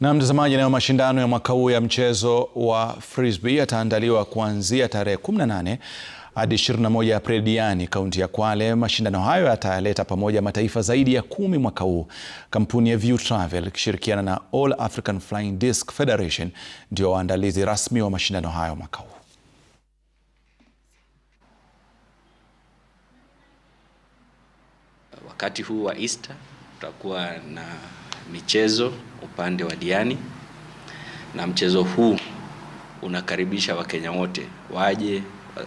Na mtazamaji, nayo mashindano ya mwaka huu ya mchezo wa frisbee yataandaliwa kuanzia tarehe 18 hadi 21 Aprili Diani, kaunti ya Kwale. Mashindano hayo yatayaleta pamoja mataifa zaidi ya kumi mwaka huu. Kampuni ya View Travel ikishirikiana na All African Flying Disc Federation ndio waandalizi rasmi wa mashindano hayo mwaka huu. Wakati huu wa Easter tutakuwa na michezo upande wa Diani, na mchezo huu unakaribisha Wakenya wote waje uh,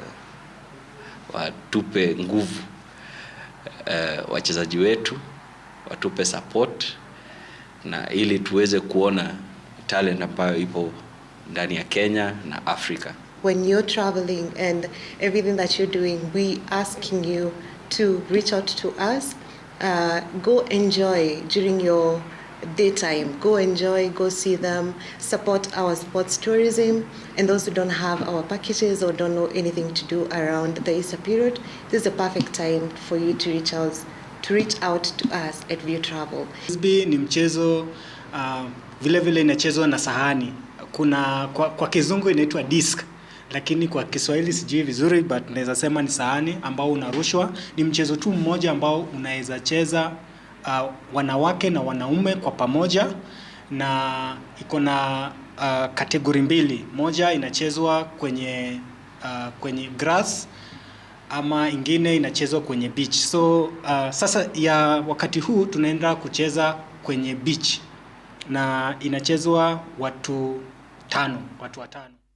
watupe nguvu uh, wachezaji wetu watupe support na ili tuweze kuona talent ambayo ipo ndani ya Kenya na Afrika. When you're traveling and everything that you're doing, we asking you to reach out to us. Uh, go enjoy during your daytime. Go enjoy, go see them, support our sports tourism. And those who don't have our packages or don't know anything to do around the Easter period, this is a perfect time for you to reach out, to reach out to us at View Travel. Frisbee ni mchezo uh, vile vile inachezwa na sahani. Kuna kwa, kwa kizungu inaitwa disk lakini kwa Kiswahili sijui vizuri but naweza sema ni sahani ambao unarushwa. Ni mchezo tu mmoja ambao unaweza cheza uh, wanawake na wanaume kwa pamoja na iko na uh, kategori mbili, moja inachezwa kwenye uh, kwenye grass ama ingine inachezwa kwenye beach. So uh, sasa ya wakati huu tunaenda kucheza kwenye beach na inachezwa watu tano, watu watano.